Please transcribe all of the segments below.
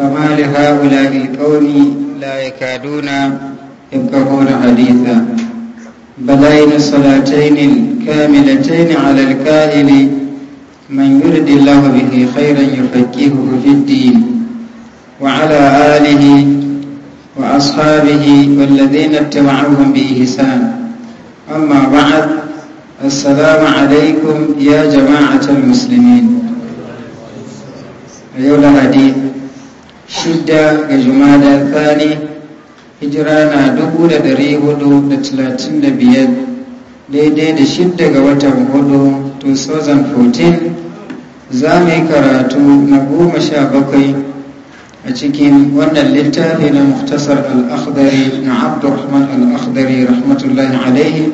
فما لهؤلاء القوم لا يكادون يفقهون حديثا بلين الصلاتين الكاملتين على الكائن من يرد الله به خيرا يفكهه في الدين وعلى آله وأصحابه والذين اتبعوهم بإحسان أما بعد السلام عليكم يا جماعة المسلمين أيها الحديث shida ga jumada tsani hijira na dubu da dari hudu da talatin da biyar daidai da shida ga watan hudu 2014 za mu yi karatu na goma sha bakwai a cikin wannan littafi na muktasar al'akhdari na abdurrahman al'akhdari rahmatullahi alaihi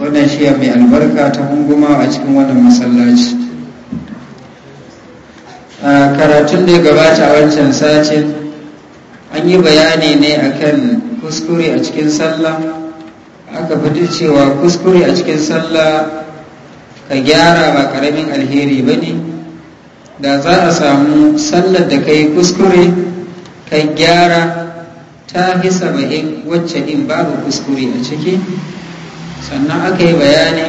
wannan shiya mai albarka ta hunguma a cikin wannan masallaci karatun da ya gabata a wancan satin an yi bayani ne akan kuskure a cikin sallah aka fi cewa kuskure a cikin sallah ka gyara ba karamin alheri ba ne da za a samu sallar da ka yi kuskure ka gyara ta fi saba'in wacce din babu kuskure a ciki sannan aka yi bayani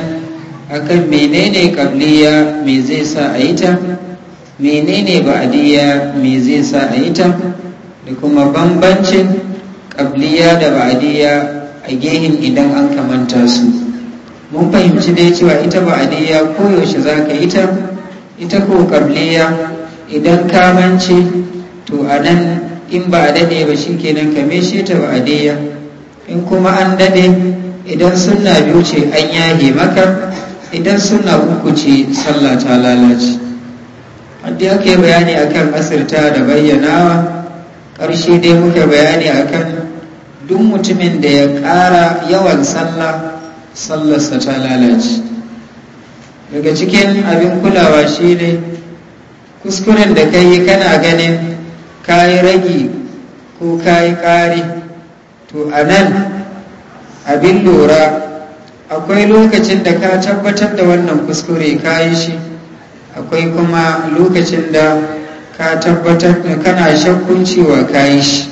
akan menene kabliya me zai sa a yi ta menene ba'adiyya me zai sa a yi ta da kuma bambancin ƙabliya da ba'adiyya a gehin idan an kamanta su mun fahimci dai cewa ita ba'adiyya koyaushe za ka yi ta ita ko ƙabliya idan ka to a nan in ba a daɗe ba shi kenan ka meshe ta ba'adiyya in kuma an daɗe idan sunna biyu ce an yage maka idan suna uku ce sallah ta lalace wanda yake bayani akan asirta da bayyanawa ƙarshe dai muka bayani akan duk mutumin da ya ƙara yawan sallah sallarsa ta lalace daga cikin abin kulawa shi ne kuskuren da ka yi kana ganin ka yi ragi ko ka yi ƙari to a nan abin lura akwai lokacin da ka tabbatar da wannan kuskure ka yi shi akwai kuma lokacin da ka tabbatar da kana shakkun cewa ka yi shi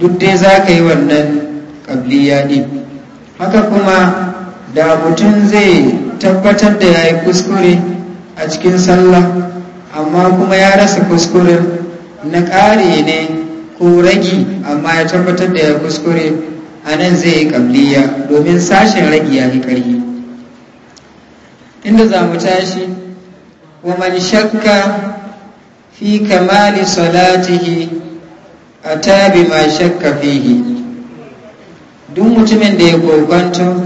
duk dai za ka yi wannan ƙabliya ne haka kuma da mutum zai tabbatar da ya yi kuskure a cikin sallah amma kuma ya rasa kuskuren na ƙare ne ko ragi amma ya tabbatar da ya kuskure a nan zai yi ƙabliya domin sashen ragi ya fi ƙarfi inda za mu tashi ومن شك في كمال a أتى بما شك فيه duk mutumin da ya kokonto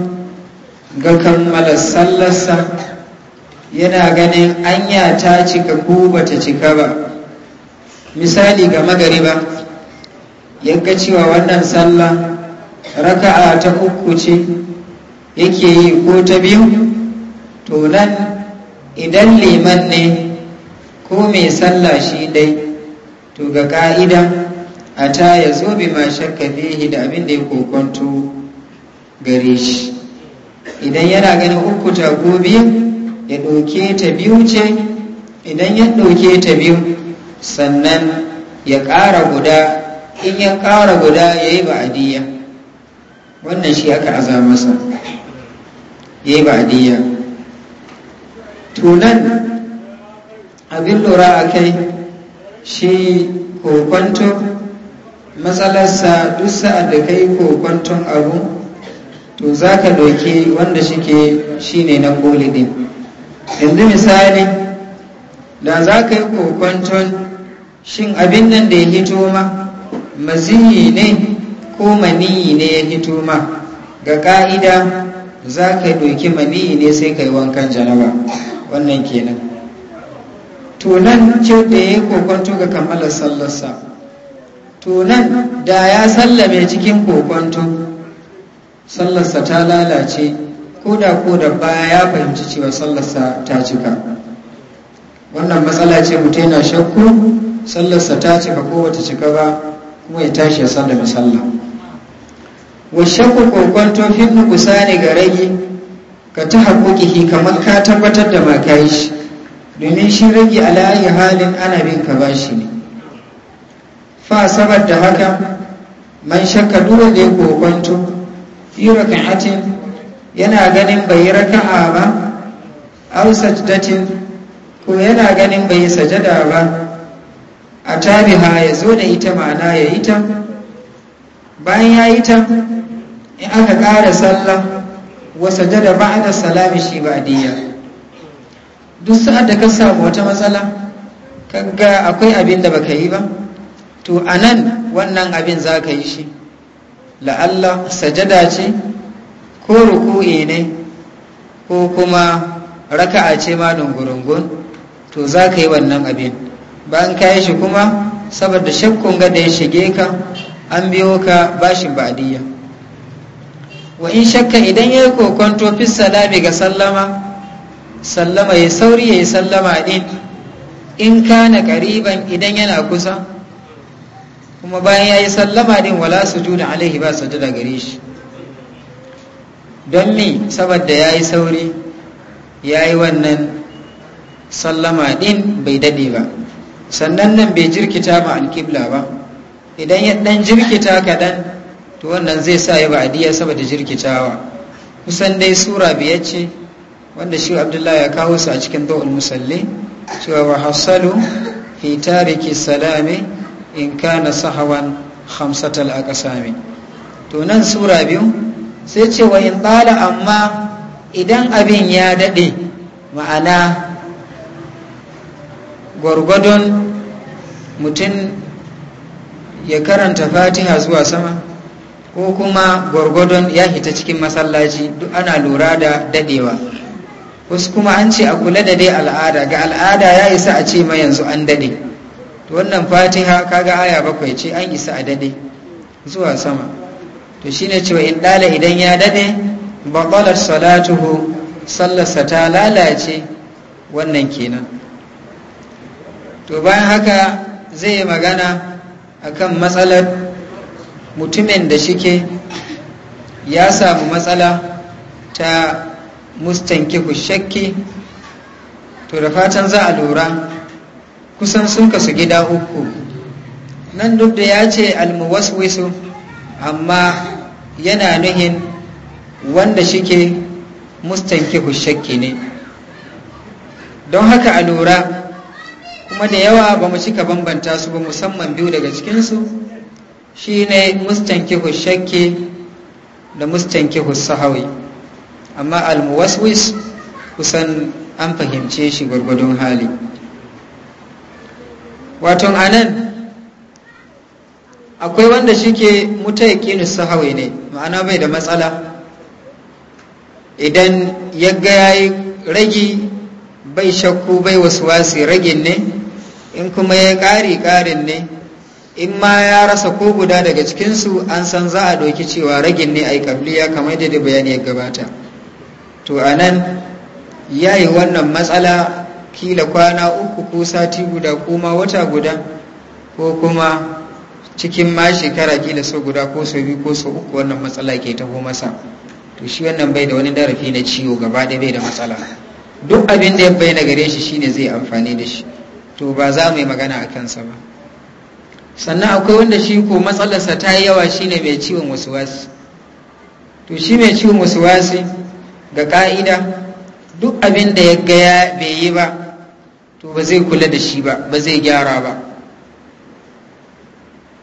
ga kammala sallarsa yana ganin anya ta cika ko bata cika ba misali ga ya ga cewa wannan sallah raka'a ta kukku ce yake yi ko ta biyu to nan idan liman ne ko mai sallah shi dai to ga ka'ida a ta ya zo bi ma shakka fihi da abin da ya kokonto gare shi idan yana ganin uku ta gobe ya ɗauke ta biyu ce idan ya ɗauke ta biyu sannan ya ƙara guda in ya ƙara guda ya yi ba'adiyya wannan shi aka aza masa ya yi ba'adiyya tunan abin lura a kai shi kokwanto matsalarsa duk sa'ad da kai kokwanton abu to za ka doke wanda shike ne na koli din yanzu misali da za ka yi kokwanton shin abin nan da ya hito ma maziyi ne ko maniyi ne ya hito ma ga ka'ida za ka doki maniyi ne sai ka yi wankan janaba wannan kenan Tunan ce da ya kokonto ga kammala sallarsa Tunan da ya sallame cikin kokonto sallarsa ta lalace ko da ko da baya ya fahimci cewa sallarsa ta cika wannan matsala ce mutum yana shakku sallarsa ta cika ko bata cika ba kuma ya tashi ya sallame sallah wa shakku kokonto fi nukusa ne ga rage ka ta haƙoƙihi kamar ka tabbatar da ma yi shi domin shi rage a layi halin ana bin ka ba shi ne fa sabar da haka man shakka dole da ya kokwanto yi hatin? yana ganin bai yi raka'a ba au datin, ko yana ganin bai yi sajada ba a tabi ha, ya zo da ita ma'ana ya yi ta bayan ya yi ta in aka ƙara sallah Wasajada ba da salami shi ba duk sa'ad da ka samu wata matsala kaga akwai abin da baka yi ba to a nan wannan abin za ka yi shi la'alla sajada ce ko ruku'i ne ko kuma raka'a ce ma dungurungun to za ka yi wannan abin Ba an yi shi kuma saboda shakkun ga da ya shige ka an biyo ka bashin ba'adiyya wa in shakka idan ya yi kokonto fi salami ga sallama sallama ya sauri ya yi sallama din in kana kariban idan yana kusa kuma bayan ya yi sallama din wala juna alaihi ba sujuda gare shi don me saboda ya yi sauri ya yi wannan sallama din bai dade ba sannan nan bai jirkita ba alkibla ba idan ya dan jirkita kadan to wannan zai sa ya ba'adiyya saboda jirkitawa kusan dai sura biyar ce wanda shi abdullahi ya kawo su a cikin da'ul musalli cewa wa hasalu fi tariki salami in kana sahawan hamsatal aqsami to nan sura biyu sai ce wa in dala amma idan abin ya dade ma'ana gwargwadon mutum ya karanta fatiha zuwa sama ko kuma gwargwadon ya hita cikin masallaci duk ana lura da dadewa wasu kuma an ce a kula da dai al'ada ga al'ada ya isa a ce ma yanzu an dade to wannan fatiha kaga aya bakwai ce an isa a dade zuwa sama to shine cewa in dala idan ya dade batalar salatuhu sallarsa ta lalace wannan kenan to bayan haka zai magana akan matsalar mutumin da shike ya samu matsala ta mustankihu shakki to da fatan za a lura kusan sun kasu gida uku nan duk da ya ce almuwaswisu amma yana nuhin wanda shike mustankihu shakki ne don haka a lura kuma da yawa ba mu cika bambanta su ba musamman biyu daga cikinsu Shi ne mustankihu shakki da mustankihu sahawi amma almuwaswis kusan an fahimce shi gwargwadon hali waton anan akwai wanda shike mutayaqinu sahawi ne ma'ana bai da matsala idan ya yayi ragi bai shakku bai wasu wasi ragin ne in kuma ya ƙari ƙarin ne in ma ya rasa ko guda daga cikinsu an san za a doki cewa ragin ne a yi kabliya kamar da bayani ya gabata to a nan ya yi wannan matsala kila kwana uku ko sati guda kuma wata guda ko kuma cikin ma shekara kila so guda ko so biyu ko so uku wannan matsala ke taho masa to shi wannan bai da wani darafi na ciwo gaba ɗaya bai da matsala duk abin da ya bayyana gare shi shine zai amfani da shi to ba za mu yi magana a kansa ba sannan akwai wanda shi ko matsalarsa ta yi yawa shine mai ciwon wasu wasi. to shi mai ciwon wasu wasu ga ka'ida duk abin da ya gaya bai yi ba to ba zai kula da shi ba ba zai gyara ba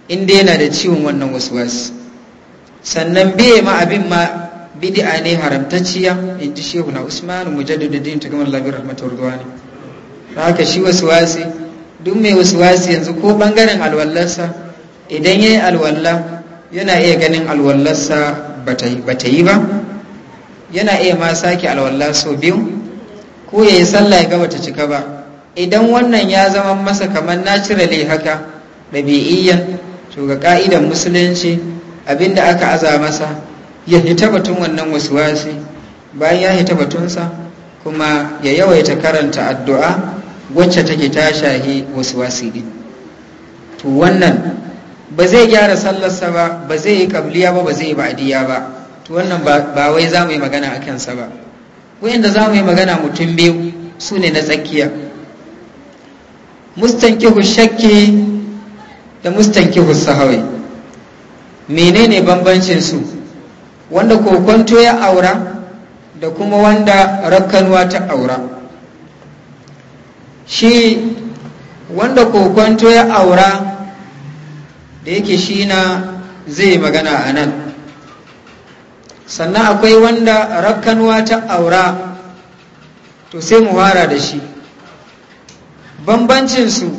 inda yana da ciwon wannan wasu wasu. sannan bai ma abin ma bidi'a ne haramtacciya in ji shehu na usman mujaddidin ta gama labirar matar ne haka shi duk mai wasu yanzu ko bangaren alwallarsa idan ya yi alwalla yana iya ganin alwallarsa ba ta yi ba yana iya ma sake alwallar sau biyu ko ya yi sallah ya gaba ta cika ba idan wannan ya zama masa kamar naturally haka ɗabi'iyyan to ga ka'idan musulunci abinda aka aza masa ya hita batun wannan wasu bayan ya hita batunsa kuma ya yawaita karanta addu'a wacce take ta shahi wasu wasi din to wannan ba zai gyara sallarsa ba ba zai yi kabliya ba ba zai yi ba'diya ba to wannan ba wai za mu yi magana a kansa ba da za mu yi magana mutum biyu su ne na tsakiya mustankihu shakki da mustankihu sahawai menene bambancin su wanda kokonto ya aura da kuma wanda rakkanuwa ta aura shi wanda kokonto ya aura da yake shi na zai magana a nan sannan akwai wanda rakkanuwa ta aura to sai mu fara da shi bambancinsu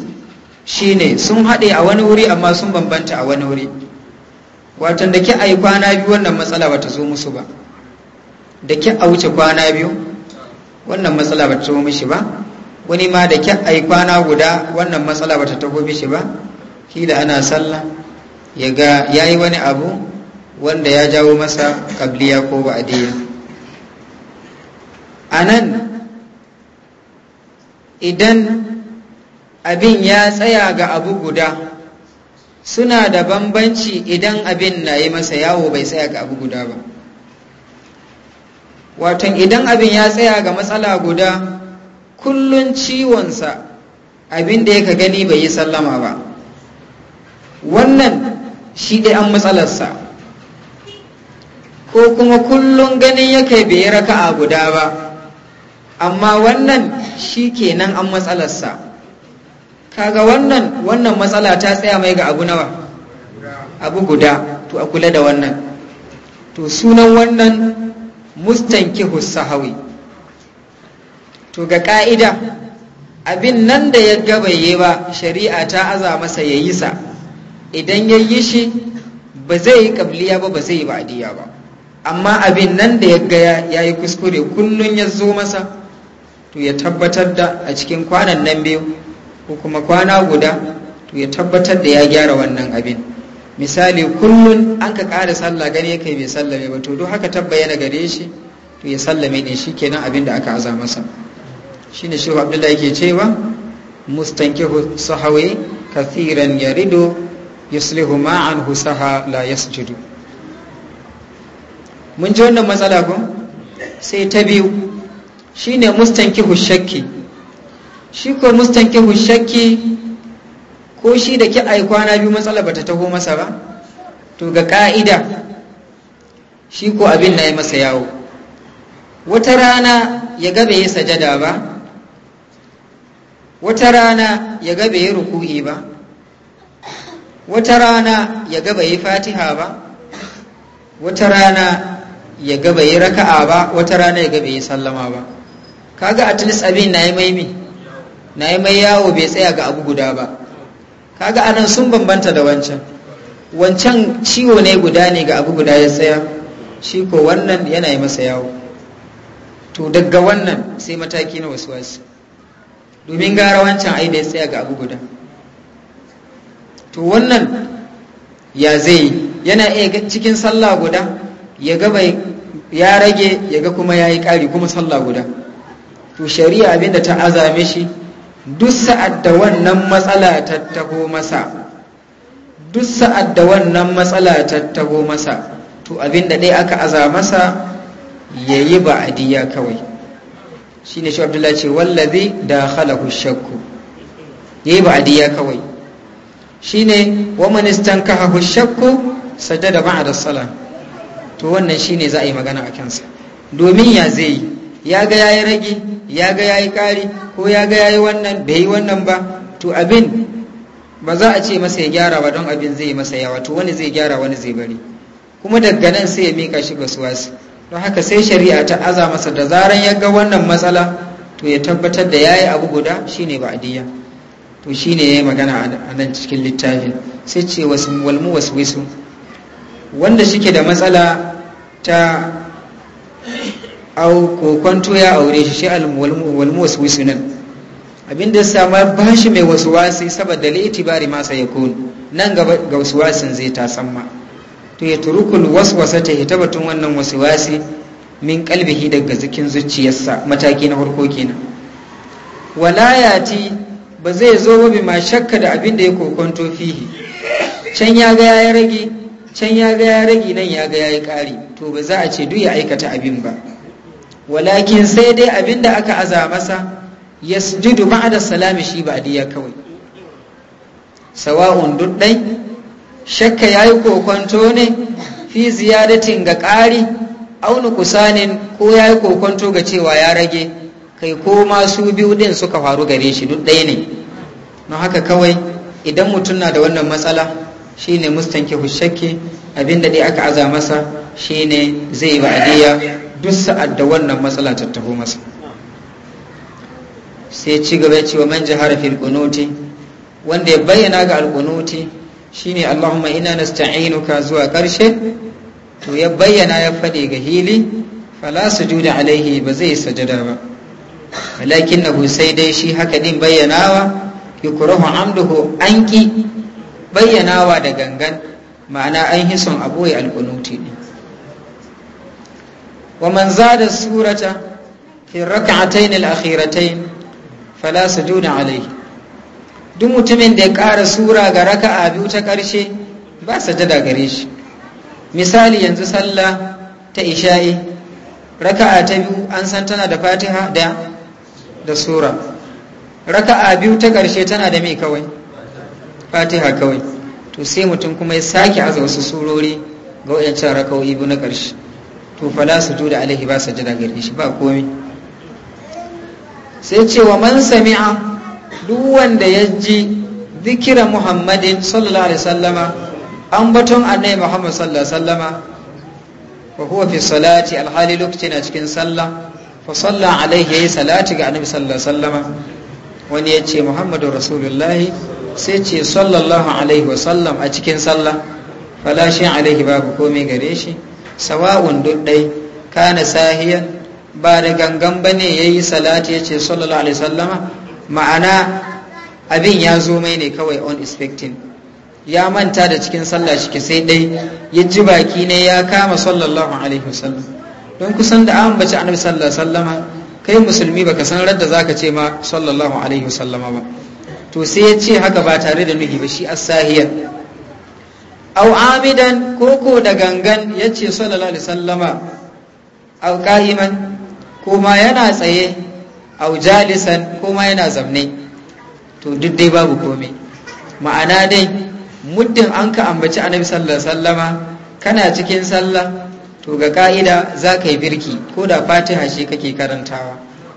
shi ne sun haɗe a wani wuri amma sun bambanta a wani wuri watan da ke a yi kwana biyu wannan matsala ba zo musu ba da ke a wuce kwana biyu wannan matsala bata ta zo mishi ba wani ma da kyan ai kwana guda wannan matsala bata tabo bishi ba kila ana sallah ya ga ya yi wani abu wanda ya jawo masa kabliya ko ba'adiyya a nan idan abin ya tsaya ga abu guda suna da bambanci idan abin na yi masa yawo bai tsaya ga abu guda ba watan idan abin ya tsaya ga matsala guda kullun ciwonsa abin da yaka gani bai yi sallama ba wannan shi dai an matsalarsa ko kuma kullun ganin yake bai raka a guda ba amma wannan shi kenan an matsalarsa kaga wannan wannan matsala ta tsaya mai ga abu nawa abu guda to a kula da wannan to sunan wannan mustankihu sahawi to ga ƙa'ida, abin nan da ya gabaye ba shari'a ta aza masa ya yi sa idan ya yi shi ba zai yi kabliya ba ba zai yi ba'adiyya ba amma abin nan da ya gaya ya yi kuskure kullum ya zo masa to ya tabbatar da a cikin kwanan nan biyu ko kuma kwana guda to ya tabbatar da ya gyara wannan abin misali kullum an ka ƙara sallah gani kai mai sallame ba to duk haka tabbayana gare shi to ya sallame ne shi kenan abin da aka aza masa ne shehu abdullahi yake cewa mustankihu sahawi kathiran yaridu yuslihu ma'an anhu saha la yasjudu mun ji wannan matsala kun? sai ta biyu Shi shine mustankihu shakki shi ko mustankihu shakki ko shi da ki ai na biyu matsala bata taho masa ba to ga ka'ida shi ko abin na yi masa yawo wata rana ya ga yi sajada ba wata rana ya ga bai ruku'i ba wata rana ya ga bai fatiha ba wata rana ya ga bai raka'a ba wata rana ya ga bai sallama ba kaga at least abin yi mai mi yi mai yawo bai tsaya ga abu guda ba kaga anan sun bambanta da wancan wancan ciwo ne guda ne ga abu guda ya tsaya shi ko wannan yana yi masa yawo to daga wannan sai mataki na wasu wasu domin gara wancan ai da ya tsaya ga abu guda to wannan ya zai yana iya cikin sallah guda ya gaba ya rage ya ga kuma ya yi ƙari kuma sallah guda to shari'a abinda ta azame shi duk sa'ad da wannan matsala ta taho masa duk sa'ad da wannan matsala ta taho masa to abinda dai aka aza masa ya yi ba'adiyya kawai Shi ne shi abdullahi ce wallazi da ku shakku Ya yayi ya kawai Shi ne wa ka haku shakku sajada ba'da sala. to wannan shi ne za a yi magana a kansa domin ya zai ya ga ya yi rage ya ga ya yi kari ko ya ga ya yi wannan bai yi wannan ba to abin ba za a ce masa ya gyara ba don abin zai yi masa yawa to wani zai gyara wani zai bari kuma daga nan sai ya mika shi ga suwasu don haka sai shari'a ta aza masa da zaran ya ga wannan matsala to ya tabbatar da yayi abu guda shine ba'adiyya, to shine yayi magana a nan cikin littafin sai ce wasu walmu wisu wanda shike da matsala ta au kwanto ya aure shi shi walmu wasu-wisu nan abinda ya ba bashi mai wasu wasi saboda li'itibari ma sai ya nan gaba ga wasu wasin zai ta samma to ya turukul waswasa ta ya tabbatun wannan wasiwasi min kalbihi daga zikin zuciyarsa mataki na farko kenan walayati ba zai zo ba bi ma shakka da abin da ya kokonto fihi can ya ga ya rage can ya ga ya rage nan ya ga ya yi ƙari to ba za a ce duk ya aikata abin ba walakin sai dai abin da aka aza masa yasjudu sujudu da salami shi ba diya kawai sawa'un duk ɗai shakka ya yi kokonto ne fi ziyadatin ga ƙari auni kusanin ko ya yi kokonto ga cewa ya rage kai ko masu biyu ɗin suka faru gare shi duk ɗaya ne don haka kawai idan mutum na da wannan matsala shi shine mustanke shakki abinda dai aka aza masa shine zai yi ba'adiyya duk sa'ad da wannan matsala ta taho masa sai ci gaba cewa man jihar kunuti wanda ya bayyana ga alkunuti shine Allahumma ina nasta'inuka zuwa ƙarshe to ya bayyana ya faɗi ga hili fala sujuda alaihi ba zai sajada ba nahu sai dai shi haka din bayyanawa yukrahu amduhu anki bayyanawa da gangan ma'ana an son aboye alƙunuti ne wa man zada surata fi rak'atayn al-akhiratayn fala sujuda alaihi duk mutumin da ya ƙara sura ga raka'a biyu ta ƙarshe ba sajada gare shi misali yanzu sallah ta isha'i raka'a ta biyu an san tana da fatiha da da sura raka'a biyu ta ƙarshe tana da mai kawai fatiha kawai to sai mutum kuma ya sake aza wasu surori ga wayancan raka'o'i biyu na ƙarshe to fala su da alaihi ba sajada gare shi ba komai sai cewa man sami'a duk wanda ya ji zikira muhammadin sallallahu alaihi sallama an baton annai muhammad sallallahu alaihi sallama wa huwa fi salati alhali lokacin a cikin sallah fa salla alaihi yi salati ga annabi sallallahu alaihi sallama wani ya ce muhammadu rasulullahi sai ce sallallahu alaihi wasallam a cikin sallah falashin alaihi babu komai gare shi sawa'un duddai kana sahiyan ba da gangan bane yayi salati yace sallallahu alaihi sallama ma'ana abin ya zo mai ne kawai on expecting ya manta da cikin sallah shi sai dai ya ji baki ne ya kama sallallahu alaihi wasallam don kusan da an bace annabi sallallahu alaihi wasallama kai musulmi baka san radda zaka ce ma sallallahu alaihi wasallama ba to sai ya ce haka ba tare da nuhi ba shi as-sahiyar aw amidan koko da gangan ya ce sallallahu alaihi wasallama aw qa'iman kuma yana tsaye A jalisan ko ma yana zamne to duk dai babu komai ma'ana dai muddin an ka ambaci annabi sallallahu alaihi wasallama kana cikin sallah to ga ka'ida za ka yi birki ko da fatiha shi kake karantawa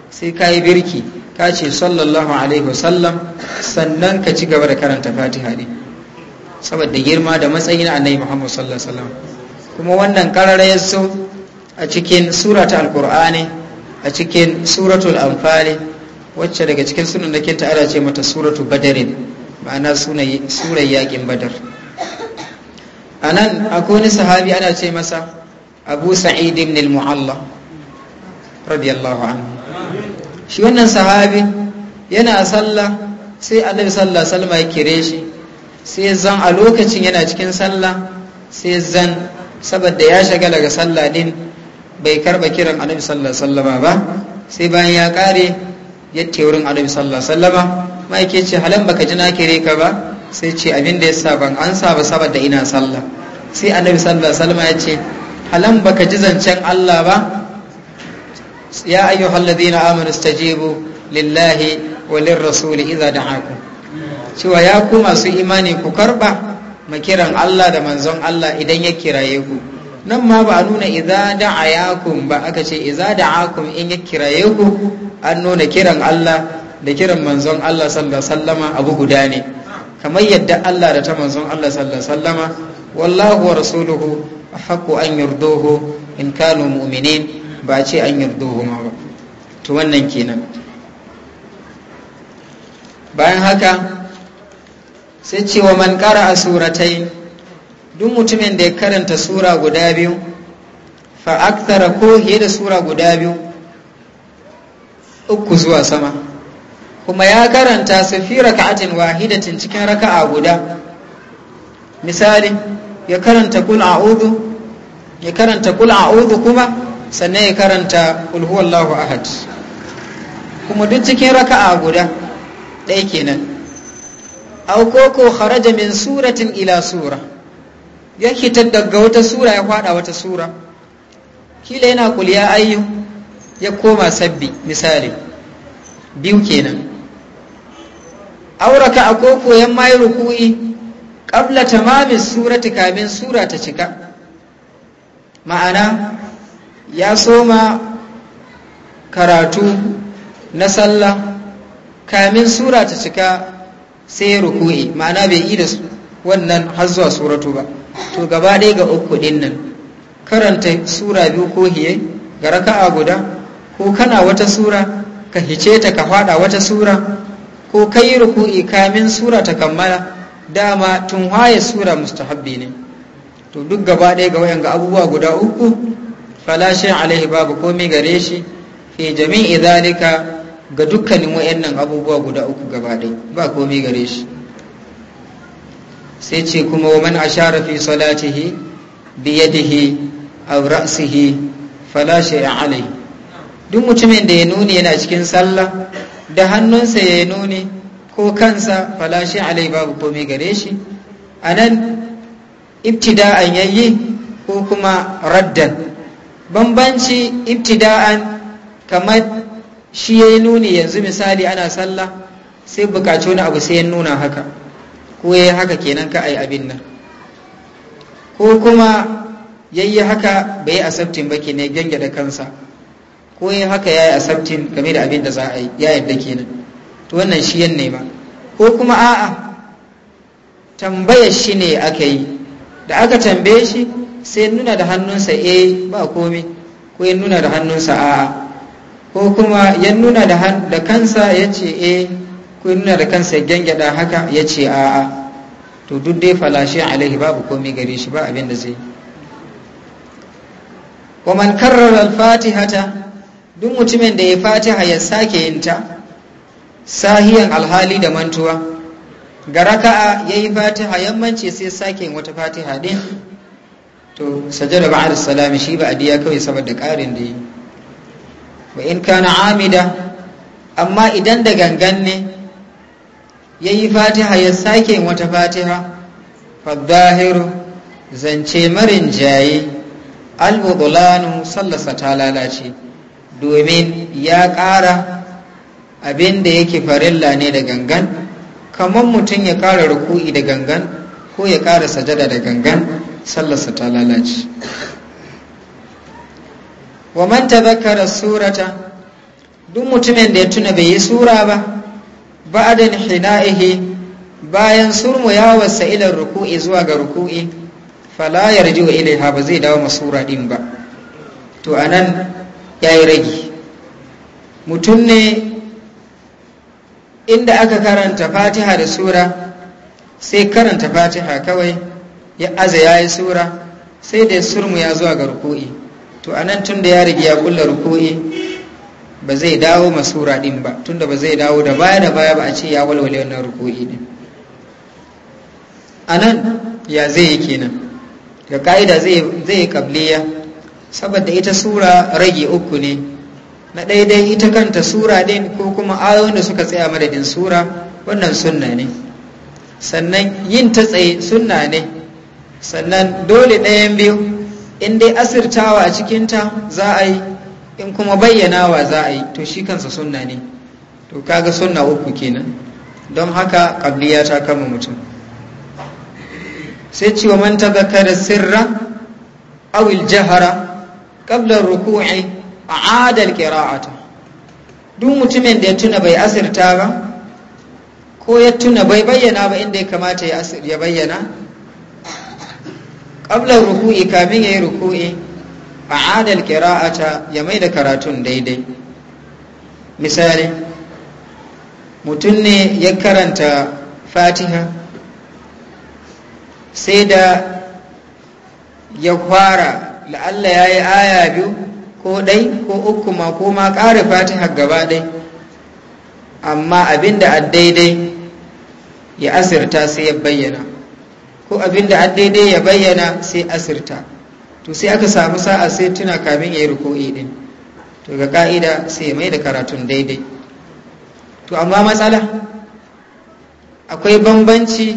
sai ka yi birki ka ce sallallahu alaihi wasallam sannan ka ci gaba da karanta fatiha ne saboda girma da matsayin annabi muhammad sallallahu alaihi wasallam kuma wannan karara so a cikin surata alkur'ani a cikin suratul amfani wacce daga cikin sunan da kinta ana ce mata suratu badarin ma'ana surar yakin badar a nan akwai wani sahabi ana ce masa abu sa'id ibn al-mu'alla radiyallahu anhu shi wannan sahabi yana sallah sai annabi sallah Salma ya kire shi sai zan a lokacin yana cikin sallah sai zan saboda ya shagala ga sallah din bai karba kiran annabi sallallahu alaihi wasallama ba sai bayan ya kare ya wurin annabi sallallahu alaihi wasallama mai ke ce halan baka ji na kire ka ba sai ce abin da yasa ban ansa ba saboda ina sallah sai annabi sallallahu alaihi wasallama ya ce halan baka ji zancen Allah ba ya ayyuhal ladina amanu istajibu lillahi wa lirrasuli idza da'akum cewa ya ku masu imani ku karba makiran Allah da manzon Allah idan ya kiraye ku nan ma ba a nuna idza da'ayakum ba aka ce a da'akum in ya kiraye ku an nuna kiran Allah da kiran manzon Allah sallallahu alaihi wasallama abu guda ne kamar yadda Allah da ta manzon Allah sallallahu alaihi wasallama wallahu wa rasuluhu haqqu an yurduhu in kanu mu'minin ba ce an yurduhu ma ba to wannan kenan bayan haka sai ce wa man qara'a suratayn duk mutumin da ya karanta sura guda biyu fa akthara ko hiye da sura guda biyu uku zuwa sama kuma ya karanta su fi raka'atin wahidatin cikin raka'a guda misali ya karanta kul a'udhu ya karanta kul a'udhu kuma sannan ya karanta kul huwallahu ahad kuma duk cikin raka'a guda ɗaya kenan au ko kharaja min suratin ila sura ya hitar daga wata sura ya fada wata sura kila yana kuliya ayyu ya koma sabbi misali biyu kenan auraka a koko yan mayi ruku'i qabla tamamin surati kamin sura ta cika ma'ana ya soma karatu na sallah kamin sura ta cika sai ruku'i ma'ana bai yi da wannan har zuwa suratu ba to gaba ɗaya ga uku ɗin nan karanta sura biyu ko hiye ga raka'a guda ko kana wata sura ka hice ta ka fada wata sura ko kai ruku'i kamin sura ta kammala dama tun haye sura mustahabbi ne to duk gaba ɗaya ga wayan ga abubuwa guda uku falashin alaihi babu komai gare shi fi jami'i zalika ga dukkanin wayannan abubuwa guda uku gaba ɗaya ba komai gare shi sai ce kuma wa man ashara fi salatihi bi yadihi aw ra'sihi fala shay'a alai duk mutumin da ya nuni yana cikin sallah da hannunsa ya nuni ko kansa fala shay'a alai babu komai gare shi anan ibtida'an yayi ko kuma raddan bambanci ibtida'an kamar shi ya nuni yanzu misali ana sallah sai bukaci wani abu sai ya nuna haka ko ya haka kenan ka a yi abin nan ko kuma ya yi haka bai yi asabtin ba ke ne gange da kansa ko ya haka ya yi asabtin game da abin da za a yi ya yadda kenan to wannan shi yan nema ko kuma a'a tambayar shi ne aka yi da aka tambaye shi sai nuna da hannunsa a eh, ba komi ko ya nuna da hannunsa a'a ko kuma ya nuna da kansa ya ce a eh, ko nuna da kansa gyangyaɗa haka ya ce a'a to duk dai falashe alaihi babu komai gare shi ba abin da zai wa man karrar alfatihata duk mutumin da ya fatiha ya sake yin ta sahiyan alhali da mantuwa ga raka'a ya yi fatiha yammanci sai sake yin wata fatiha din to sajada ba'ad salami shi ba adiya kawai saboda ƙarin da yi wa in kana amida amma idan da gangan ne ya yi fatiha ya sake wata fatiha fadahiru zance marin jaye albubulanu sallasa ta lalace domin ya ƙara abin da yake farilla ne da gangan kamar mutum ya ƙara ruku'i da gangan ko ya ƙara sajada da gangan sallasa ta lalace wa man tadhakkara surata duk mutumin da ya tuna bai yi sura ba ba'da hina'ihi bayan surmu ya wasa ilar ruku'i zuwa ga ruku'i fala wa ilaiha ba zai dawo masura din ba to anan yayi ragi. mutum ne inda aka karanta fatiha da sura sai karanta fatiha kawai ya aza yayi sura sai da surmu ya zuwa ga ruku'i to anan tunda ya rige ya kulla ruku'i ba zai dawo masura din ba tunda ba zai dawo da baya da baya ba a ce ya walwale wannan rukuhi din anan ya zai yi kenan ga ka'ida zai yi kabliya saboda ita sura rage uku ne na daidai ita kanta sura din ko kuma ayoyin da suka tsaya madadin sura wannan sunna ne sannan yin ta tsaye sunna ne sannan dole ɗayan biyu in dai asirtawa a cikinta za a yi in kuma wa za a yi to shi kansa sunna ne to kaga sunna uku kenan don haka kabliya ta kama mutum sai cewa man kada sirra awil jahara qabla ruku'i a'ada al ta. duk mutumin da ya tuna bai asirta ba ko ya tuna bai bayyana ba inda ya kamata ya bayyana kablar ruku'i kamin ya yi ruku'i a'adal kira'ata ya mai da karatun daidai misali mutum ne ya karanta fatiha sai da ya fara la'alla ya yi aya biyu ko ɗai ko uku ma ko ma ƙara fatiha gaba ɗai amma abinda a daidai ya asirta sai ya bayyana ko abinda a daidai ya bayyana sai asirta to sai aka samu sa'a sai tuna kamin ya yi ruku'i din to ga ka'ida sai ya mai da karatun daidai to amma matsala akwai bambanci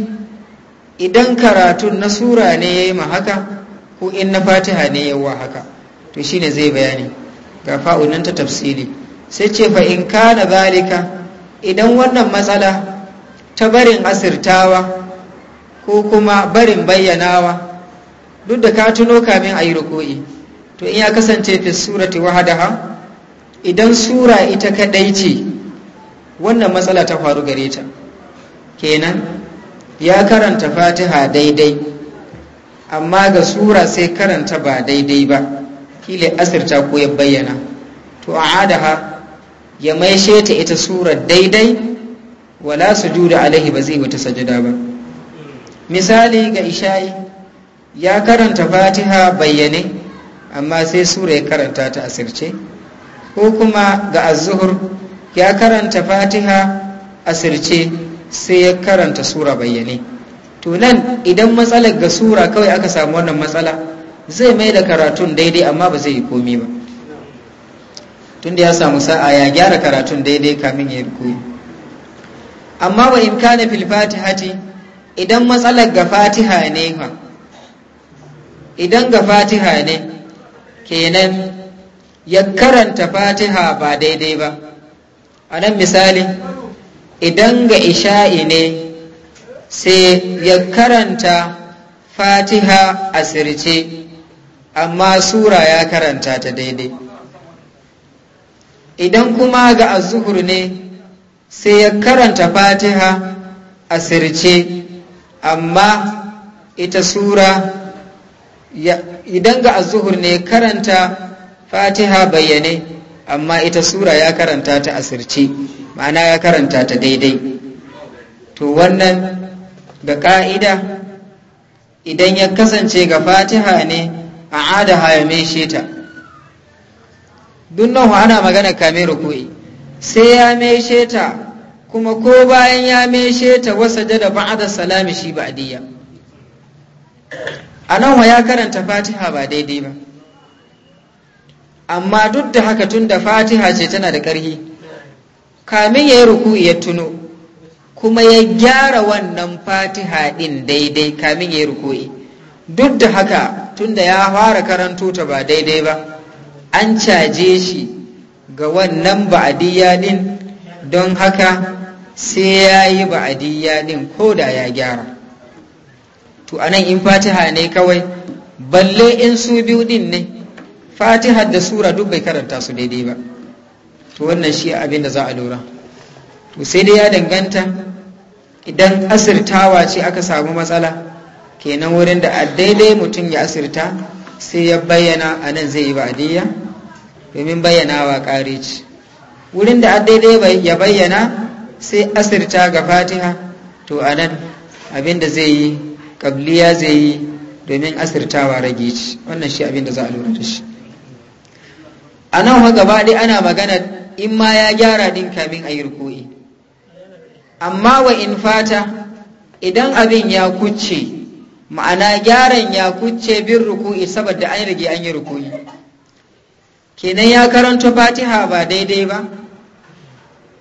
idan karatun na sura ne ya yi haka ko in na fatiha ne yawa haka to shine zai bayani ga fa'unan ta tafsiri sai ce fa in kana zalika idan wannan matsala ta barin asirtawa ko kuma barin bayyanawa duk da ka tuno kamin a yi ruku'i to in ya kasance fi surati wahadaha idan sura ita kadai ce wannan matsala ta faru gare ta kenan ya karanta fatiha daidai amma ga sura sai karanta ba daidai ba kila asirta ko ya bayyana to a adaha ya maishe ta ita sura daidai wala sujuda alaihi ba zai wata sajada ba misali ga ishayi ya karanta fatiha bayyane amma sai sura ya karanta ta asirce ko kuma ga azuhur ya karanta fatiha asirce sai ya karanta sura bayyane to nan idan matsalar ga sura kawai aka samu wannan matsala zai mai da karatun daidai amma ba zai yi komi ba tunda ya samu sa'a ya gyara karatun daidai kamin ya koyi amma wa imkana fil fatihati idan matsalar ga fatiha ne fa idan ga fatiha ne kenan ya karanta fatiha ba daidai ba a nan misali idan ga isha'i ne sai ya karanta fatiha a sirce amma sura ya karanta ta daidai idan kuma ga azuhur ne sai ya karanta fatiha a sirce amma ita sura idan ga azuhur ne karanta fatiha bayyane amma ita sura ya karanta ta asirce ma'ana ya karanta ta daidai to wannan ga ka'ida idan ya kasance ga fatiha ne a ada hayame sheta dunnahu ana magana kame rukui sai ya meshe ta kuma ko bayan ya meshe ta wasa jada ba'ada salami shi ba'diyya a nan wa ya karanta fatiha ba daidai ba amma duk da haka tun da fatiha ce tana da ƙarfi kamin ya yi ruku ya tuno kuma ya gyara wannan fatiha ɗin daidai kamin ya yi ruku'i duk da haka tun da ya fara karanto ta ba daidai ba an caje shi ga wannan ba'adiyya ɗin don haka sai ya yi ba'adiyya ɗin ko da ya gyara to anan in fatiha ne kawai balle in su biyu din ne fatiha da sura duk bai karanta su daidai ba to wannan shi abin da za a lura to sai dai ya danganta idan asirtawa ce aka samu matsala kenan wurin da a daidai mutum ya asirta sai ya bayyana a nan zai yi ba'adiyya domin bayyanawa ƙare ce wurin da a daidai ya bayyana sai asirta ga fatiha to a nan abin da zai yi ya zai yi domin asirtawa rage ci wannan shi abin da za a lura da shi a nan gaba ɗi ana magana in ma ya gyara din kamin a yi rukui amma wa in fata idan abin ya kuce, ma'ana gyaran ya kuce bin rukui saboda an rage an yi rukui kenan ya karanta fatiha ba daidai ba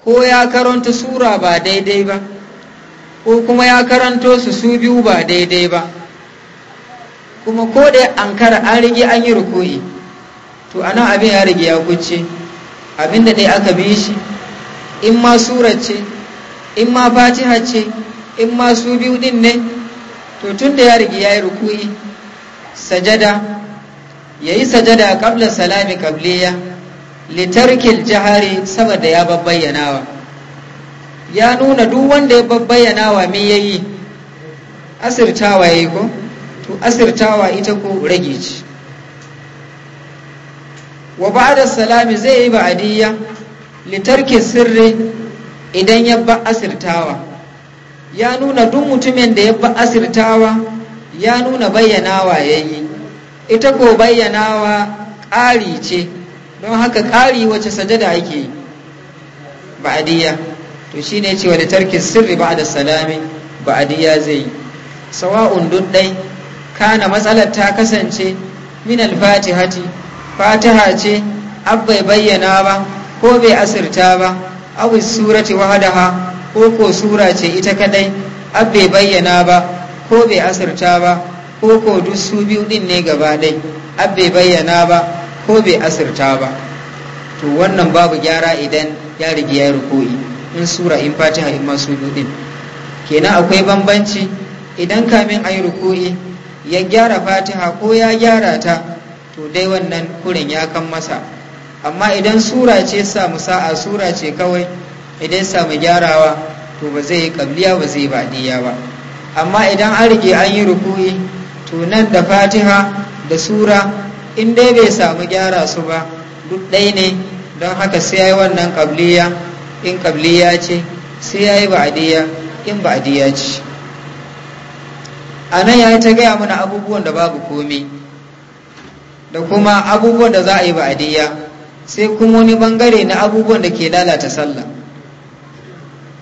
ko ya karanta sura ba daidai ba ko kuma ya karanto su su biyu ba daidai ba kuma ko da kara an rige an yi rukuyi to nan abin ya rigi ya kuce abin da dai aka bi shi in ma surar ce in ma fatiha ce in ma su biyu din ne to tun da ya rige ya yi rukuyi sajada ya yi sajada kabla salami kabliya litarkil jihari saboda ya babbayyanawa ya nuna duk wanda ya bayyana wa me yayi asirtawa yayi ko to asirtawa ita ko rage ci. wa ba'da salami zai yi ba'adiyya litarki sirri idan ya ba asirtawa ya nuna duk mutumin da ya ba asirtawa ya nuna bayyanawa yayi ita ko bayyanawa ƙari ce don haka ƙari wace sajada ake ba'adiyya to shi ne da tarkin sirri da salami diya zai yi. sawa'un dun dai kana matsalar ta kasance min alfati hati. Fataha ce abbai bayyana ba ko bai asirta ba aw surati wahadaha ko ko sura ce ita kadai abbai bayyana ba ko bai asirta ba ko ko duk su biyu din ne gaba dai abbai bayyana ba ko bai asirta ba to wannan babu gyara idan ya rigi ya ruku'i in sura in fatiha in masu din kenan akwai bambanci idan kamin ayi ruku'i ya gyara fatiha ko ya gyara ta to dai wannan kurin ya kan masa amma idan sura ce samu sa'a sura ce kawai idan samu gyarawa to ba zai yi kabliya ba zai baɗiya ba amma idan an rige an yi ruku'i to nan da fatiha da sura in dai bai samu gyara su ba duk ɗaya ne don haka sai ya yi wannan kabliya in ƙabliya ce sai ya yi ba'adiyya, in ba'adiyya ce A nan ya yi ta gaya mana abubuwan da babu komai da kuma abubuwan da za a yi ba'adiyya sai kuma wani bangare na abubuwan da ke lalata sallah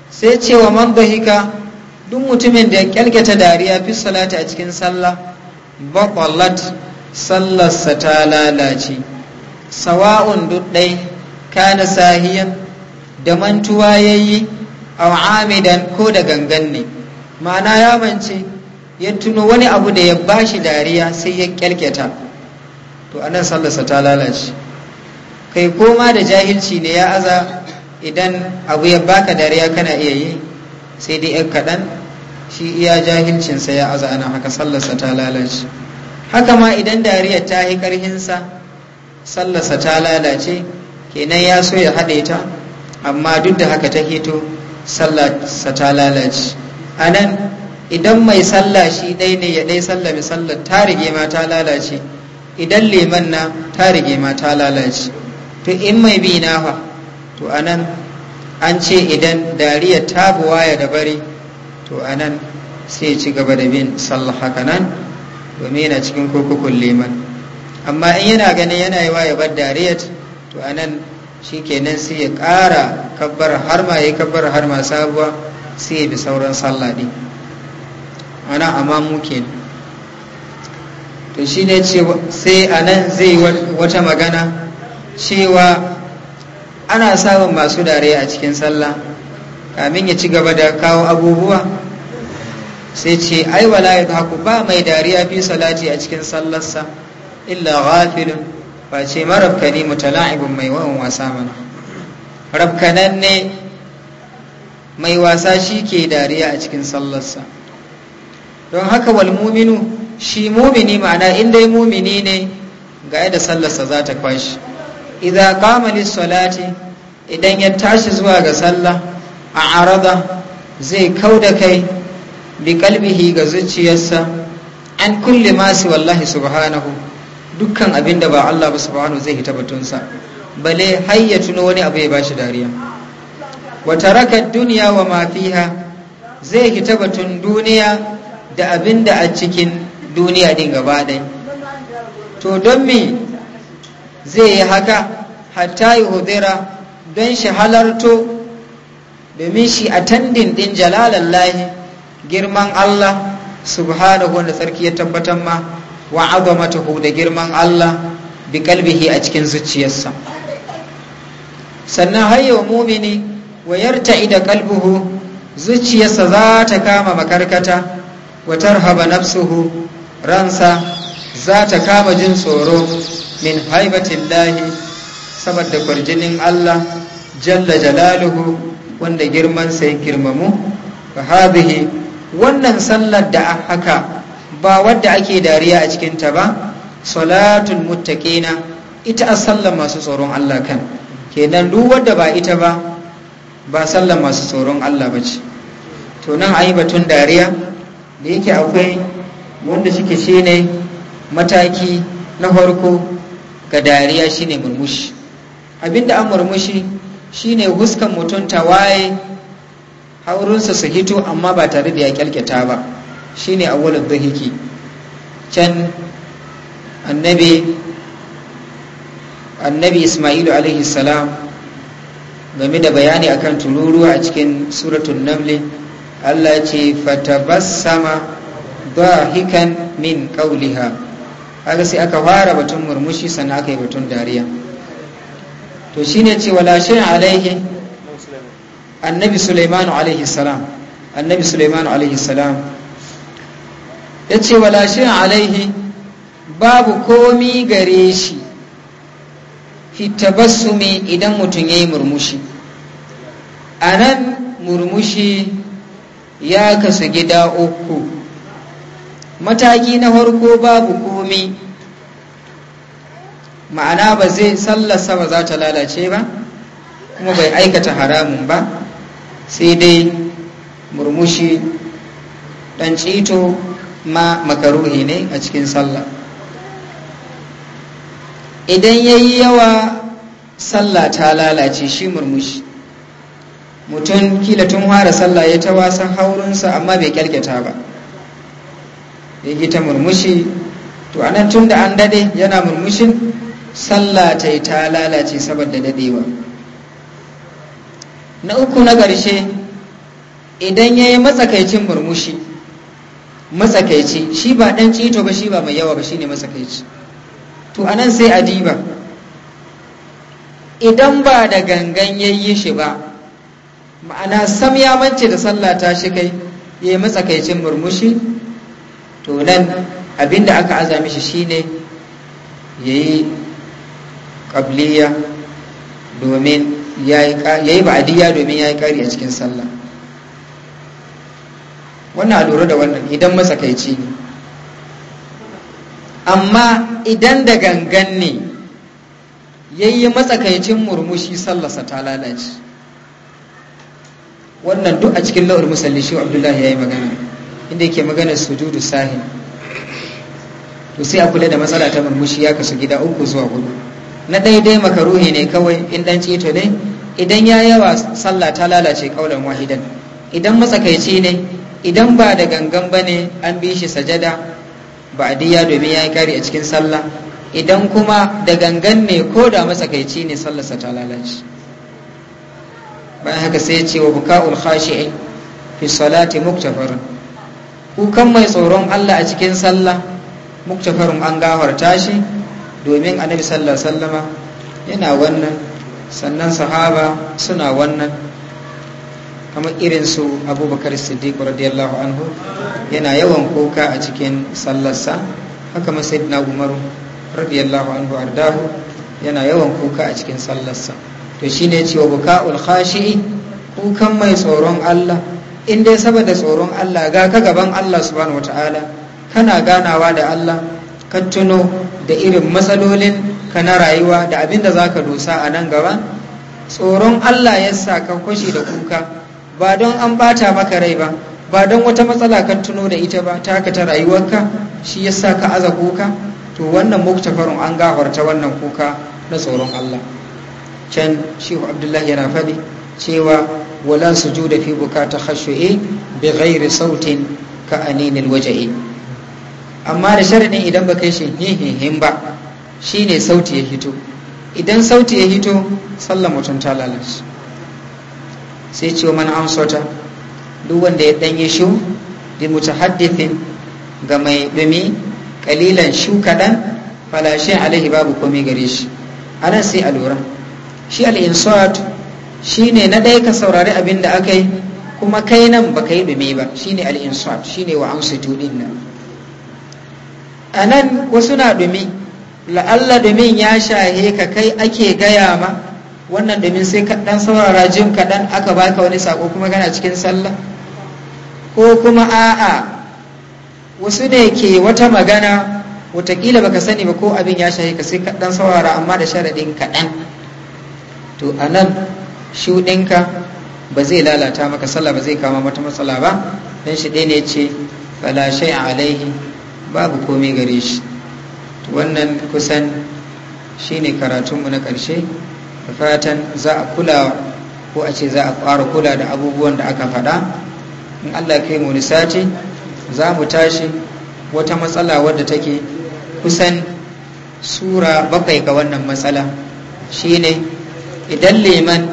sai cewa man bahika duk mutumin da ya kyalkata dariya fi salata a cikin sallah baqalat sallarsa ta lalace sawa'un duk ɗai kana sahiyan da mantuwa ya yi a amidan ko da gangan ne ma'ana ya mance ya tuno wani abu da ya bashi dariya sai ya kyalketa to anan sallarsa ta lalace kai koma da jahilci ne ya aza idan abu ya baka dariya kana iya yi sai dai yan kaɗan shi iya jahilcinsa ya aza ana haka sallarsa ta lalace haka ma idan dariya ta yi ƙarhinsa sallarsa ta lalace kenan ya so ya haɗe ta amma duk da haka ta hito sallarsa ta lalace a nan idan mai sallah shi ɗai ne ya ɗai sallah mai sallah ta rige ma ta lalace idan leman na ta rige ma ta lalace to in mai bi na fa to a nan an ce idan dariya ta buwaya da bari to a nan sai ci gaba da bin sallah haka nan domin yana cikin kurkukun liman amma in yana ganin yana yi wa ya bar dariyar to a nan shi kenan sai ya ƙara kabbar har ma ya kabbar har ma sabuwa sai ya bi sauran sallah ɗin ana amma mu to shi ne sai a nan zai wata magana cewa ana samun masu dare a cikin sallah kamin ya ci gaba da kawo abubuwa sai ce ai wala ya ba mai dariya fi salati a cikin sallarsa illa ghafilun face ma rabkani mutala'ibun mai wawan wasa mana rabkanan ne mai wasa shi ke dariya a cikin sallarsa don haka wal muminu shi mumini ma'ana inda mumini ne ga yadda sallarsa za ta kwashi idan kama salati idan ya tashi zuwa ga sallah a arada zai kau da kai bi kalbihi ga zuciyarsa an kulle masu wallahi subhanahu dukkan abin da ba Allah ba subhanahu zai hita batunsa bale hayyatu ya tuno wani abu ya bashi dariya wa taraka dunya wa ma fiha zai hita batun duniya da abin da a cikin duniya din gaba ɗaya to don me zai yi haka hatta yi hudura don shi halarto domin shi a tandin ɗin jalalallahi girman Allah subhanahu ta'ala sarki ya tabbatar ma wa azamatuhu da girman Allah bi kalbihi a cikin zuciyarsa sannan yau mumini wa yarta da kalbuhu zuciyarsa za ta kama makarkata wa tarhaba nafsuhu ransa za ta kama jin tsoro min haibatin lahi saboda kwarjinin Allah jalla jalaluhu wanda girmansa ya girmamu wa hadhihi wannan sallar da haka ba wadda ake dariya a cikinta ba salatul muttaqina ita a sallar masu tsoron Allah kan kenan duk wadda ba ita ba ba sallar masu tsoron Allah ba ce to nan a batun dariya da yake akwai wanda suke shi ne mataki na farko ga dariya shine murmushi abinda an murmushi shine huskan mutunta waye haurinsa su hito amma ba tare da ya kyalkyata ba Shi shine awalin dhahiki can annabi annabi isma'ilu alaihi salam game da bayani akan tururuwa a cikin suratun namle allah ce fatabassama dahikan min qawliha haka sai aka fara batun murmushi sannan aka yi batun dariya to shi ce wala alaihi annabi suleimanu alaihi salam annabi suleimanu alaihi salam ya ce alaihi babu komi gare shi fitabassumi idan mutum ya yi murmushi a nan murmushi ya kasu gida uku mataki na farko babu komi ma'ana ba zai sallarsa ba za ta lalace ba kuma bai aikata haramun ba sai dai murmushi ɗan cito ma makaruhi ne a cikin sallah idan ya yi yawa sallah ta lalace shi murmushi mutum kila tun fara sallah ya ta wasa haurinsa amma bai kyalkyata ba ya yi ta murmushi to anan tun da an dade yana murmushin sallah ta yi ta lalace saboda dadewa na uku na ƙarshe idan ya yi matsakaicin murmushi matsakaici shi ba dan cito ba shi ba mai yawa ba shi ne matsakaici to anan sai a diba idan ba da gangan yayi shi ba ma'ana sam ya mance da sallah ta shi kai yayi matsakaicin murmushi to nan da aka aza mishi shine yayi qabliya domin yayi ba'diya domin yayi kari a cikin sallah wannan a lura da wannan idan matsakaici ne amma idan da gangan ne ya yi matsakaicin murmushi sallasa ta lalace wannan duk a cikin la'ur musalli shi abdullahi ya yi magana inda yake magana su judu sahin to sai a kula da matsala ta murmushi ya kasu gida uku zuwa hudu na daidai makaruhi ne kawai in ɗan cito ne idan ya yawa sallah ta lalace kaulan wahidan idan matsakaici ne idan ba da gangan ba ne an bi shi sajada ba diya domin ya yi kari a cikin sallah idan kuma da gangan ne ko da matsakaici ne sallarsa ta lalace bayan haka sai ya ce wa buka'ul khashi'i fi salati muktafarun kukan mai tsoron Allah a cikin sallah muktafarun an gafarta shi domin annabi sallallahu alaihi wasallama yana wannan sannan sahaba suna wannan kamar irin su abubakar siddiq radiyallahu anhu yana yawan kuka a cikin sallarsa haka masaidina umaru radiyallahu anhu ardahu yana yawan kuka a cikin sallarsa to shi ne cewa buka khashi'i kukan mai tsoron Allah in dai saboda tsoron Allah ga ka gaban Allah subhanahu wataala kana ganawa da Allah ka tuno da irin matsalolin ka na rayuwa da abin da ka dosa a nan gaba tsoron Allah ya sa ka kwashe da kuka ba don an bata maka rai ba ba don wata matsala kan tuno da ita ba takata ta rayuwarka shi ya sa ka aza kuka to wannan muktafarun an gafarta wannan kuka na tsoron Allah can shehu abdullahi yana faɗi cewa wala sujuda fi bukata khashu'i bi ghairi sautin ka aninil wajee amma da sharadin idan ba kai shi hihin ba shine sauti ya hito idan sauti ya hito sallar mutum ta lalace sai ce wa man amsota duk wanda ya danye shu bi mutahaddithin ga mai dumi kalilan shu kadan fala shi alaihi babu komai gare shi anan sai a lura shi al-insat shine na dai ka saurari abin da aka yi kuma kai nan ba ka yi dumi ba shine al-insat shine wa amsatu din nan anan wasu na dumi la'alla dumin ya shahe ka kai ake gaya ma wannan domin sai ka dan saurara jin kaɗan aka baka wani sako kuma kana cikin sallah ko kuma a'a wasu ne ke wata magana watakila baka sani ba ko abin ya shahi ka sai ka dan saurara amma da sharaɗin kaɗan to a nan shuɗinka ba zai lalata maka sallah ba zai kama mata matsala ba dan shi ɗaya ne ce fala shai alaihi babu komai gare shi wannan kusan shine karatunmu na ƙarshe da fatan za a kula ko a ce za a ƙara kula da abubuwan da aka faɗa in allah kai mu sati za mu tashi wata matsala wadda take kusan sura bakwai ga wannan matsala shine idan liman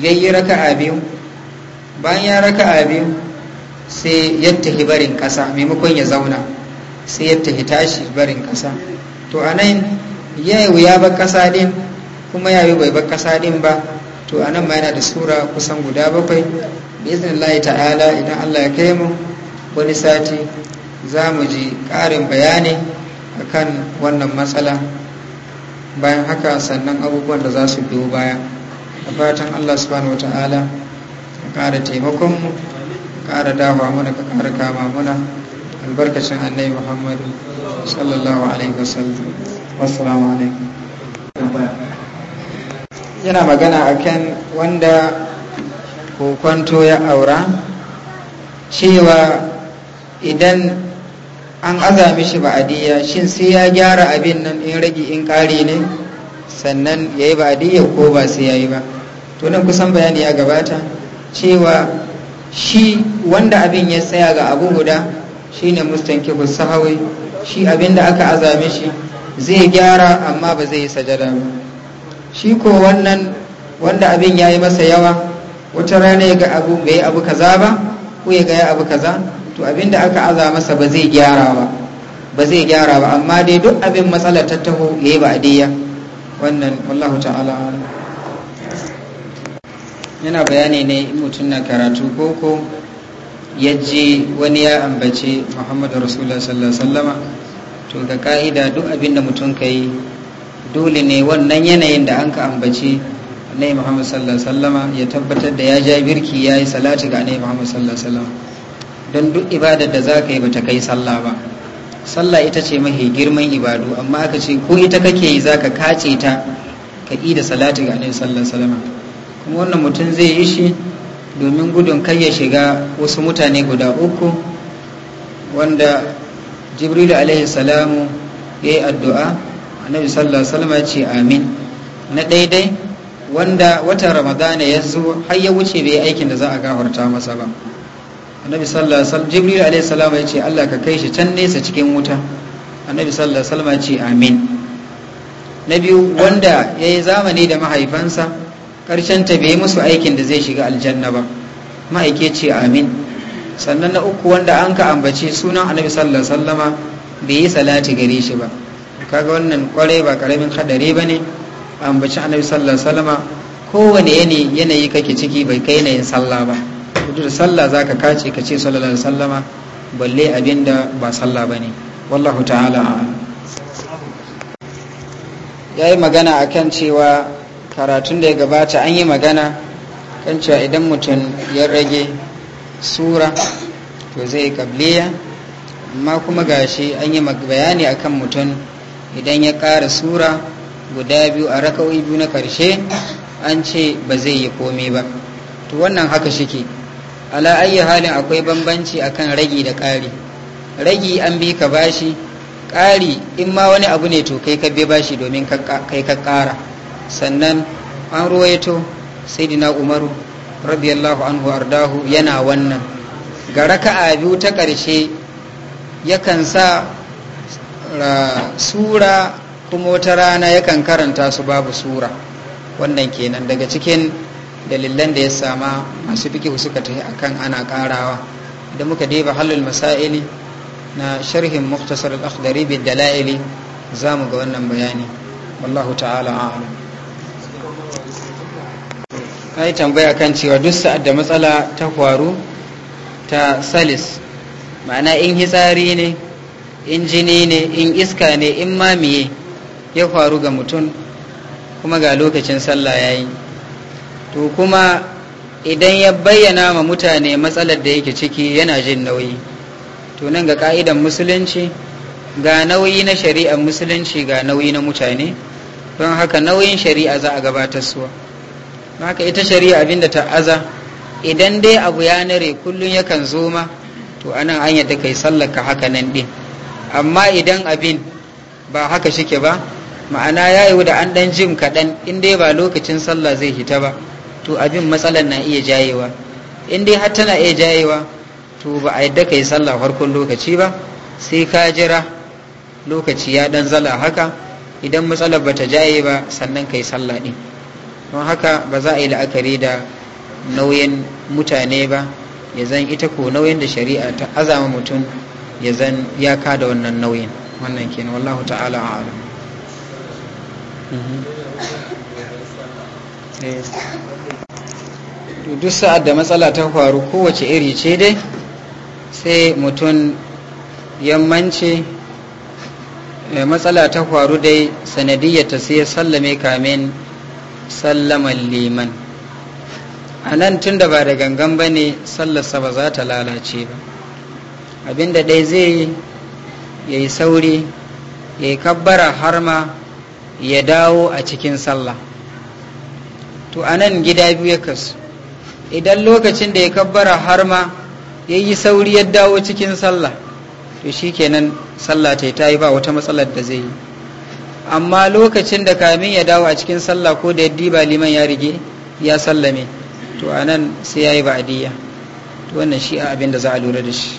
ya yi a biyu bayan ya raka biyu sai ya barin ƙasa maimakon ya zauna sai ya tashi barin ƙasa to a nan ya wuya ba ƙasa din kuma yayo bai bar kasa din ba to anan ma yana da sura kusan guda bakwai biznillahi ta'ala idan Allah ya kai mu wani sati za mu ji ƙarin bayani akan wannan matsala bayan haka sannan abubuwan da za su biyo baya a fatan Allah subhanahu ta'ala ya ƙara taimakon mu ƙara dawa muna ka ƙara kama muna albarkacin annai muhammadu sallallahu alaihi wasallam wasu alaikum yana magana akan wanda kokwanto ya aura cewa idan an aza mishi ba'adiyya shin sai ya gyara abin nan in rage in kare ne sannan ya yi ba'adiyya ko ba sai ya yi ba to kusan bayani ya gabata cewa shi wanda abin ya tsaya ga abu guda shi ne mustanki sahawi shi abin da aka aza mishi zai gyara amma ba zai yi sajada ba shi ko wannan wanda abin ya yi masa yawa wata rana ya ga abu bai abu kaza ba ko ya ga abu kaza to abin da aka aza masa ba zai gyara ba ba zai gyara ba amma dai duk abin matsalar taho ya yi ba a daya. wannan wallahu ta'ala yana bayani ne mutum na karatu ko-ko, ya je wani ya ambace muhammadu rasulullah sallallahu alaihi to ga ka'ida duk abin da mutum ka yi dole ne wannan yanayin da an ka ambaci annabi Muhammad sallallahu alaihi wasallama ya tabbatar da ya ja birki ya yi salati ga annabi Muhammad sallallahu alaihi wasallama don duk ibadar da za ka yi bata kai sallah ba sallah ita ce mahi girman ibadu amma aka ce ko ita kake yi za ka kace ta ka yi da salati ga annabi sallallahu alaihi wasallama kuma wannan mutum zai yi shi domin gudun kai ya shiga wasu mutane guda uku wanda jibril alaihi salamu ya yi addu'a annabi sallallahu alaihi wasallam ya ce amin na daidai wanda wata ramadana ya zo har ya wuce bai aikin da za a gafarta masa ba annabi sallallahu alaihi wasallam jibril alaihi salam ya ce Allah ka kai shi can nesa cikin wuta annabi sallallahu alaihi wasallam ya ce amin na biyu wanda ya yi zamani da mahaifansa karshen ta bai musu aikin da zai shiga aljanna ba ma'aike ce amin sannan na uku wanda an ka ambace sunan annabi sallallahu alaihi wasallama bai yi salati gare shi ba kaga wannan kwarai ba karamin hadari ba ne a ambaci annabi sallallahu alaihi wasallama kowane yanayi kake ciki bai kai na yin sallah ba kudur sallah zaka kace ka ce sallallahu alaihi wasallama balle abinda ba sallah bane wallahu ta'ala yayi magana akan cewa karatun da ya gabata an yi magana kan cewa idan mutum ya rage sura to zai kabliya amma kuma gashi an yi bayani akan mutum idan ya ƙara sura guda biyu a raka'o'i biyu na ƙarshe an ce ba zai yi komai ba to wannan haka shike ala ayi halin akwai bambanci akan ragi da ƙari ragi an bi ka bashi ƙari in ma wani abu ne to kai ka bi bashi domin kai ka ƙara sannan an ruwaito sayyidina umaru radiyallahu anhu ardahu yana wannan ga raka'a biyu ta ƙarshe yakan sa sura kuma wata rana yakan karanta su babu sura wannan kenan daga cikin dalilan da ya sama masu fikihu suka tafi akan ana karawa idan muka deba halul masaili na sharhin muktasar al-akhdari bi dalaili zamu ga wannan bayani wallahu ta'ala a'lam ka yi tambaya kan cewa duk sa'ad da matsala ta faru ta salis ma'ana in hitsari ne in jini ne in iska ne in mamiye ya faru ga mutum kuma ga lokacin sallah ya yi to kuma idan ya bayyana ma mutane matsalar da yake ciki yana jin nauyi to nan ga ka'idan musulunci ga nauyi na shari'ar musulunci ga nauyi na mutane don haka nauyin shari'a za a gabatar suwa don haka ita shari'a abinda ta aza idan dai abu ya nare kullum yakan zo ma to anan an yadda kai sallaka haka nan din amma idan abin ba haka shike ba ma'ana ya yi da an ɗan jim kaɗan in dai ba lokacin sallah zai hita ba to abin matsalar na iya jayewa in dai har tana iya jayewa to ba a yadda ka yi sallah farkon lokaci ba sai ka jira lokaci ya ɗan zala haka idan matsalar bata jaye ba sannan ka yi sallah ɗin don haka ba za a yi la'akari da nauyin mutane ba ya zan ita ko nauyin da shari'a ta azama mutum ya zan ka da wannan nauyin wannan kenan wallahu ta'ala a'lam mhm. eh. duk sa'ad da matsala ta faru kowace iri ce dai sai mutum yammanci eh, matsala ta faru dai sanadiyyata sai ya sallame kamin sallaman liman a nan tun da ba da gangan ba ne sallarsa ba za ta lalace ba abinda ɗaya zai yi ya yi sauri ya yi kabbara har ma ya dawo a cikin sallah to a nan gida biyu ya kasu idan lokacin da ya kabbara har ma ya yi sauri ya dawo cikin sallah to shi kenan sallah ta yi ta yi ba wata matsalar da zai yi amma lokacin da kamin ya dawo a cikin sallah ko da yaddi ba liman ya rige ya sallame to a nan sai ya yi ba'adiyya to wannan shi a abin da za a lura da shi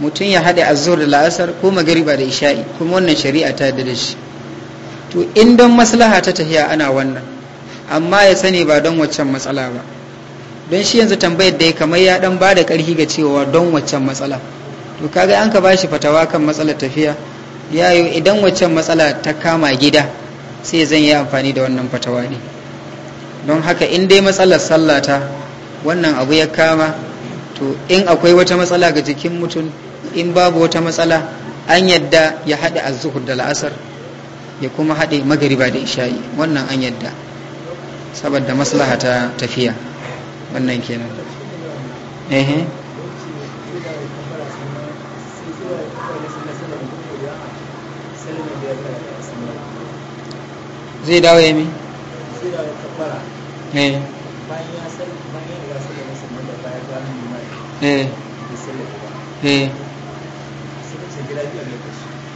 mutum ya haɗe zuhur da la'asar ko magariba da isha'i kuma wannan shari'a ta da shi to in don maslaha ta tahiya ana wannan amma ya sani ba don waccan matsala ba don shi yanzu tambayar da ya kamar ya dan ba da ƙarfi ga cewa don waccan matsala to kaga an ka bashi fatawa kan matsalar tafiya ya yi idan waccan matsala ta kama gida sai zan yi amfani da wannan fatawa ne don haka in dai matsalar sallata wannan abu ya kama to in akwai wata matsala ga jikin mutum in babu wata matsala an yadda ya haɗe azuhur da la'asar ya kuma haɗe magariba da isha'i wannan an yadda saboda maslaha ta tafiya wannan kenan zai dawo ya mi? eh eh, eh.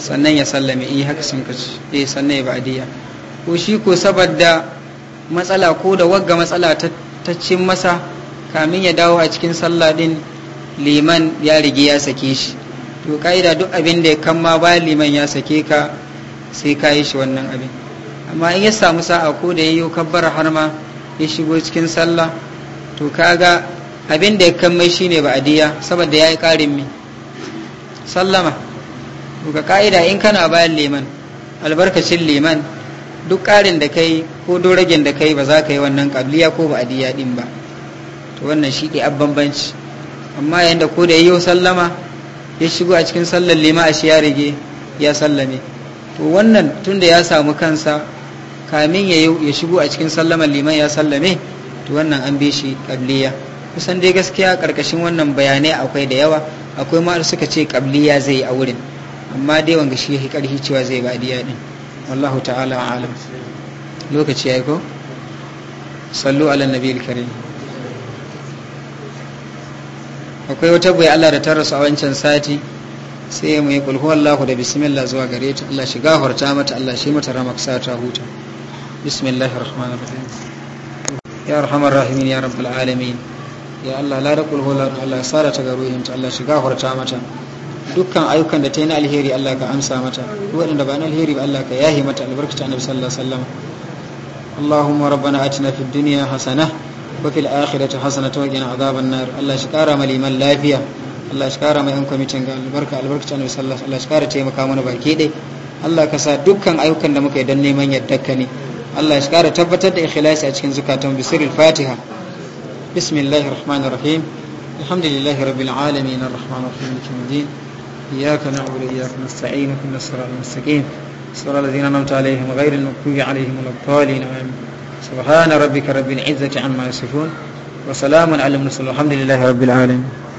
sannan ya sallame in eh, haka sun kaci eh sannan ya ba'diya ko shi ko saboda matsala ko da wagga matsala ta cin masa kamin ya dawo a cikin sallah din liman ya rige ya sake shi to ka'ida duk abin da ya kama ba liman ya sake ka sai ka yi shi wannan abin amma in ya samu sa'a ko da ya yi kabbar har ma ya shigo cikin sallah to kaga abin da ya kammai ne ba'adiyya saboda ya yi karin mi sallama to ga ka'ida in kana bayan liman albarkacin liman duk ƙarin da kai ko doragen da kai ba za ka yi wannan ƙabliya ko ba adiya din ba to wannan shi ɗaya bambanci amma yadda ko da yayyo sallama ya shigo a cikin sallar lima a shi ya rige ya sallame to wannan tunda ya samu kansa kamin ya ya shigo a cikin sallamar liman ya sallame to wannan an bi shi ƙabliya kusan dai gaskiya ƙarƙashin wannan bayanai akwai da yawa akwai ma suka ce ƙabliya zai yi a wurin amma dai wanga shi yake karfi cewa zai ba diya din wallahu ta'ala alam lokaci yayi ko sallu ala nabiyil karim akwai wata bai Allah da ta rasu a wancan sati sai mu yi kulhu Allahu da bismillah zuwa gare ta Allah shi gafarta mata Allah shi mata ramak sa ta huta bismillahir rahmanir rahim ya arhamar rahimin ya rabbul alamin ya Allah la raqul hula Allah sara ta garuhin ta Allah shi gafarta mata dukkan ayyukan da ta yi na alheri Allah ka amsa mata waɗanda ba na alheri ba Allah ka yahi mata albarkata annabi sallallahu alaihi wasallam اللهم ربنا اتنا في الدنيا حسنه hasana الاخره حسنه وقنا عذاب النار الله شكارا ملي من لافيا Allah shi kara mai 'yan kwamitin ga albarka albarkacin annabi sallallahu alaihi Allah shi kara taimaka mana baki dai Allah ka sa dukkan ayyukan da muka yi don neman yardarka ne Allah shi kara tabbatar da ikhlasi a cikin zukatan bi sirril Fatiha bismillahir rahmanir rahim alhamdulillahi rabbil alamin arrahmanir rahim إياك نعبد وإياك نستعين وكنا الصراط المستقيم صراط الذين أنعمت عليهم غير المغضوب عليهم ولا الضالين سبحان ربك رب العزة عما يصفون وسلام على المرسلين والحمد لله رب العالمين